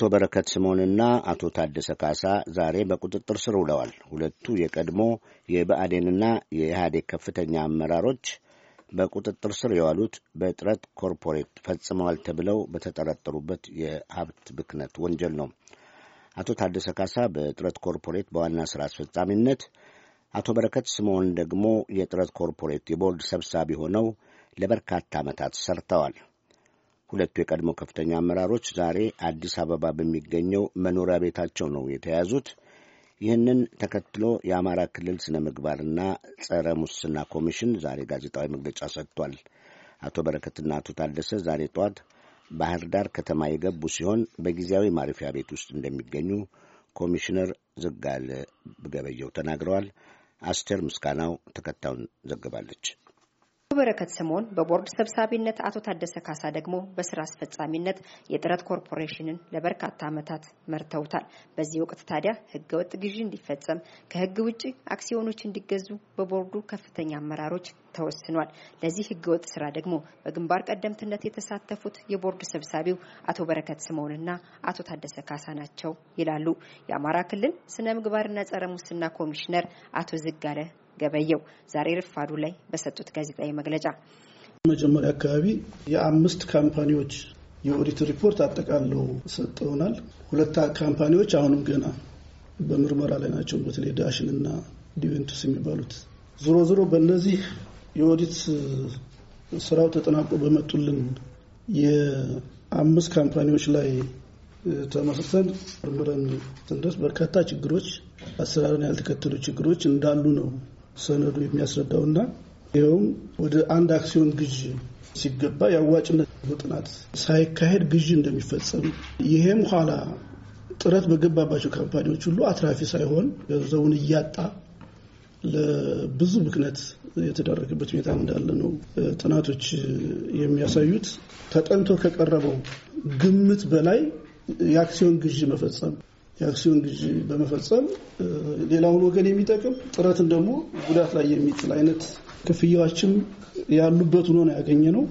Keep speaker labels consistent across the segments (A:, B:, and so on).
A: አቶ በረከት ስምዖንና አቶ ታደሰ ካሳ ዛሬ በቁጥጥር ስር ውለዋል። ሁለቱ የቀድሞ የብአዴንና የኢህአዴግ ከፍተኛ አመራሮች በቁጥጥር ስር የዋሉት በጥረት ኮርፖሬት ፈጽመዋል ተብለው በተጠረጠሩበት የሀብት ብክነት ወንጀል ነው። አቶ ታደሰ ካሳ በጥረት ኮርፖሬት በዋና ስራ አስፈጻሚነት፣ አቶ በረከት ስምዖን ደግሞ የጥረት ኮርፖሬት የቦርድ ሰብሳቢ ሆነው ለበርካታ ዓመታት ሰርተዋል። ሁለቱ የቀድሞ ከፍተኛ አመራሮች ዛሬ አዲስ አበባ በሚገኘው መኖሪያ ቤታቸው ነው የተያዙት። ይህንን ተከትሎ የአማራ ክልል ስነ ምግባርና ጸረ ሙስና ኮሚሽን ዛሬ ጋዜጣዊ መግለጫ ሰጥቷል። አቶ በረከትና አቶ ታደሰ ዛሬ ጠዋት ባህር ዳር ከተማ የገቡ ሲሆን በጊዜያዊ ማረፊያ ቤት ውስጥ እንደሚገኙ ኮሚሽነር ዝጋለ ገበየው ተናግረዋል። አስቴር ምስጋናው ተከታዩን ዘግባለች።
B: በረከት ስምኦን በቦርድ ሰብሳቢነት፣ አቶ ታደሰ ካሳ ደግሞ በስራ አስፈጻሚነት የጥረት ኮርፖሬሽንን ለበርካታ ዓመታት መርተውታል። በዚህ ወቅት ታዲያ ህገወጥ ግዢ እንዲፈጸም፣ ከህግ ውጭ አክሲዮኖች እንዲገዙ በቦርዱ ከፍተኛ አመራሮች ተወስኗል። ለዚህ ህገወጥ ስራ ደግሞ በግንባር ቀደምትነት የተሳተፉት የቦርድ ሰብሳቢው አቶ በረከት ስምኦንና አቶ ታደሰ ካሳ ናቸው ይላሉ የአማራ ክልል ስነ ምግባርና ጸረ ሙስና ኮሚሽነር አቶ ዝጋለ ገበየው ዛሬ ረፋዱ ላይ በሰጡት ጋዜጣዊ መግለጫ
C: መጀመሪያ አካባቢ የአምስት ካምፓኒዎች የኦዲት ሪፖርት አጠቃለው ሰጠውናል። ሁለት ካምፓኒዎች አሁንም ገና በምርመራ ላይ ናቸው። በተለይ ዳሽን እና ዲቨንቱስ የሚባሉት ዞሮ ዞሮ በእነዚህ የኦዲት ስራው ተጠናቆ በመጡልን የአምስት ካምፓኒዎች ላይ ተመስርተን ምርምረን ስንደርስ በርካታ ችግሮች፣ አሰራርን ያልተከተሉ ችግሮች እንዳሉ ነው ሰነዱ የሚያስረዳው እና ይኸውም ወደ አንድ አክሲዮን ግዥ ሲገባ የአዋጭነት ጥናት ሳይካሄድ ግዥ እንደሚፈጸም ይሄም ኋላ ጥረት በገባባቸው ካምፓኒዎች ሁሉ አትራፊ ሳይሆን ገንዘቡን እያጣ ለብዙ ብክነት የተደረገበት ሁኔታ እንዳለ ነው ጥናቶች የሚያሳዩት። ተጠንቶ ከቀረበው ግምት በላይ የአክሲዮን ግዢ መፈጸም የአክሲዮን ግዢ በመፈጸም ሌላውን ወገን የሚጠቅም ጥረትን ደግሞ ጉዳት ላይ የሚጥል አይነት ክፍያዎችም ያሉበት ሆኖ ነው ያገኘ ነው።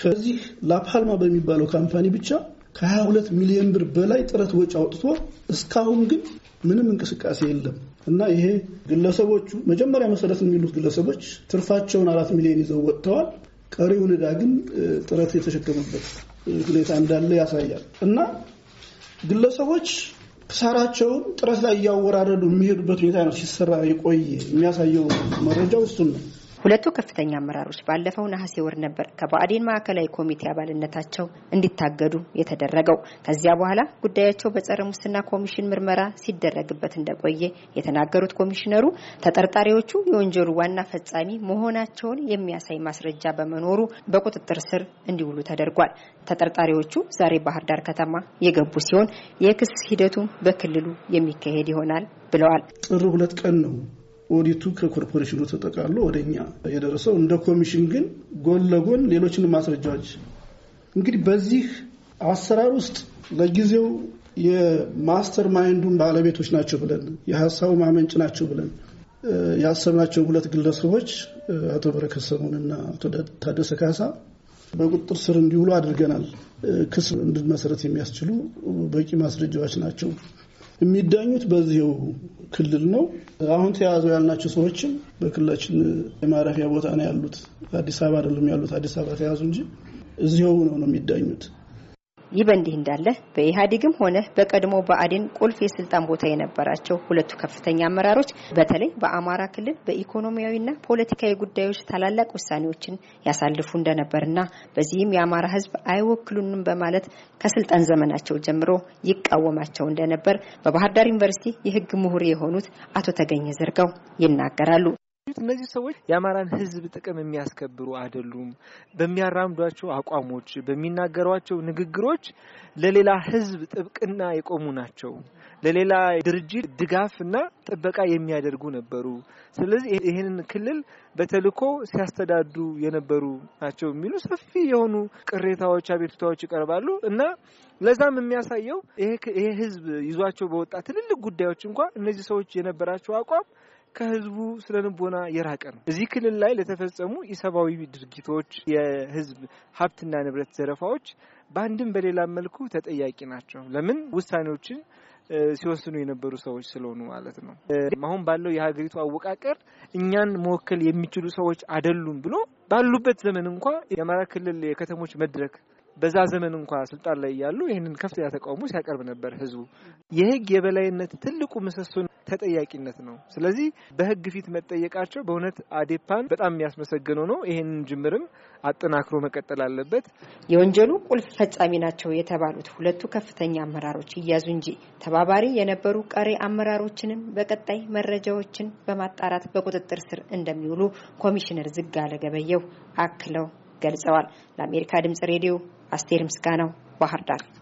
C: ከዚህ ላፓልማ በሚባለው ካምፓኒ ብቻ ከ22 ሚሊዮን ብር በላይ ጥረት ወጪ አውጥቶ እስካሁን ግን ምንም እንቅስቃሴ የለም እና ይሄ ግለሰቦቹ መጀመሪያ መሰረት የሚሉት ግለሰቦች ትርፋቸውን አራት ሚሊዮን ይዘው ወጥተዋል። ቀሪውን ዕዳ ግን ጥረት የተሸከመበት ሁኔታ እንዳለ ያሳያል እና ግለሰቦች ሳራቸውን ጥረት ላይ እያወራረዱ የሚሄዱበት ሁኔታ ነው ሲሰራ የቆየ የሚያሳየው መረጃ እሱን ነው።
B: ሁለቱ ከፍተኛ አመራሮች ባለፈው ነሐሴ ወር ነበር ከብአዴን ማዕከላዊ ኮሚቴ አባልነታቸው እንዲታገዱ የተደረገው። ከዚያ በኋላ ጉዳያቸው በጸረ ሙስና ኮሚሽን ምርመራ ሲደረግበት እንደቆየ የተናገሩት ኮሚሽነሩ ተጠርጣሪዎቹ የወንጀሉ ዋና ፈጻሚ መሆናቸውን የሚያሳይ ማስረጃ በመኖሩ በቁጥጥር ስር እንዲውሉ ተደርጓል። ተጠርጣሪዎቹ ዛሬ ባህር ዳር ከተማ የገቡ ሲሆን የክስ ሂደቱ በክልሉ የሚካሄድ ይሆናል ብለዋል። ጥር ሁለት ቀን ነው
C: ኦዲቱ ከኮርፖሬሽኑ ተጠቃሎ ወደኛ የደረሰው እንደ ኮሚሽን ግን ጎን ለጎን ሌሎችን ማስረጃዎች እንግዲህ በዚህ አሰራር ውስጥ ለጊዜው የማስተር ማይንዱን ባለቤቶች ናቸው ብለን የሀሳቡ ማመንጭ ናቸው ብለን ያሰብናቸው ሁለት ግለሰቦች አቶ በረከት ሰሞንና አቶ ታደሰ ካሳ በቁጥጥር ስር እንዲውሉ አድርገናል። ክስ እንድንመሰረት የሚያስችሉ በቂ ማስረጃዎች ናቸው የሚዳኙት በዚሁ ክልል ነው። አሁን ተያዙ ያልናቸው ሰዎችም በክልላችን የማረፊያ ቦታ ነው ያሉት። አዲስ አበባ አይደለም ያሉት። አዲስ አበባ ተያዙ እንጂ እዚሁ ነው ነው የሚዳኙት።
B: ይህ በእንዲህ እንዳለ በኢህአዴግም ሆነ በቀድሞ በአዴን ቁልፍ የስልጣን ቦታ የነበራቸው ሁለቱ ከፍተኛ አመራሮች በተለይ በአማራ ክልል በኢኮኖሚያዊና ፖለቲካዊ ጉዳዮች ታላላቅ ውሳኔዎችን ያሳልፉ እንደነበርና በዚህም የአማራ ሕዝብ አይወክሉንም በማለት ከስልጣን ዘመናቸው ጀምሮ ይቃወማቸው እንደነበር በባህር ዳር ዩኒቨርሲቲ የሕግ ምሁር የሆኑት አቶ ተገኘ ዘርጋው ይናገራሉ።
D: እነዚህ ሰዎች የአማራን ህዝብ ጥቅም የሚያስከብሩ አይደሉም። በሚያራምዷቸው አቋሞች፣ በሚናገሯቸው ንግግሮች ለሌላ ህዝብ ጥብቅና የቆሙ ናቸው። ለሌላ ድርጅት ድጋፍና ጥበቃ የሚያደርጉ ነበሩ። ስለዚህ ይህንን ክልል በተልዕኮ ሲያስተዳዱ የነበሩ ናቸው የሚሉ ሰፊ የሆኑ ቅሬታዎች፣ አቤቱታዎች ይቀርባሉ እና ለዛም የሚያሳየው ይሄ ህዝብ ይዟቸው በወጣ ትልልቅ ጉዳዮች እንኳ እነዚህ ሰዎች የነበራቸው አቋም ከህዝቡ ስነ ልቦና የራቀ ነው። እዚህ ክልል ላይ ለተፈጸሙ ኢሰብአዊ ድርጊቶች፣ የህዝብ ሀብትና ንብረት ዘረፋዎች በአንድም በሌላ መልኩ ተጠያቂ ናቸው። ለምን ውሳኔዎችን ሲወስኑ የነበሩ ሰዎች ስለሆኑ ማለት ነው። አሁን ባለው የሀገሪቱ አወቃቀር እኛን መወከል የሚችሉ ሰዎች አይደሉም ብሎ ባሉበት ዘመን እንኳ የአማራ ክልል የከተሞች መድረክ በዛ ዘመን እንኳ ስልጣን ላይ ያሉ ይህንን ከፍተኛ ተቃውሞ ሲያቀርብ ነበር። ህዝቡ የህግ የበላይነት ትልቁ ምሰሶን ተጠያቂነት ነው። ስለዚህ በህግ ፊት መጠየቃቸው በእውነት አዴፓን በጣም የሚያስመሰግነው ነው። ይህንን ጅምርም አጠናክሮ መቀጠል አለበት።
B: የወንጀሉ ቁልፍ ፈጻሚ ናቸው የተባሉት ሁለቱ ከፍተኛ አመራሮች ይያዙ እንጂ ተባባሪ የነበሩ ቀሪ አመራሮችንም በቀጣይ መረጃዎችን በማጣራት በቁጥጥር ስር እንደሚውሉ ኮሚሽነር ዝጋለ ገበየው አክለው
D: ገልጸዋል። ለአሜሪካ ድምጽ ሬዲዮ አስቴር ምስጋናው ባህር ዳር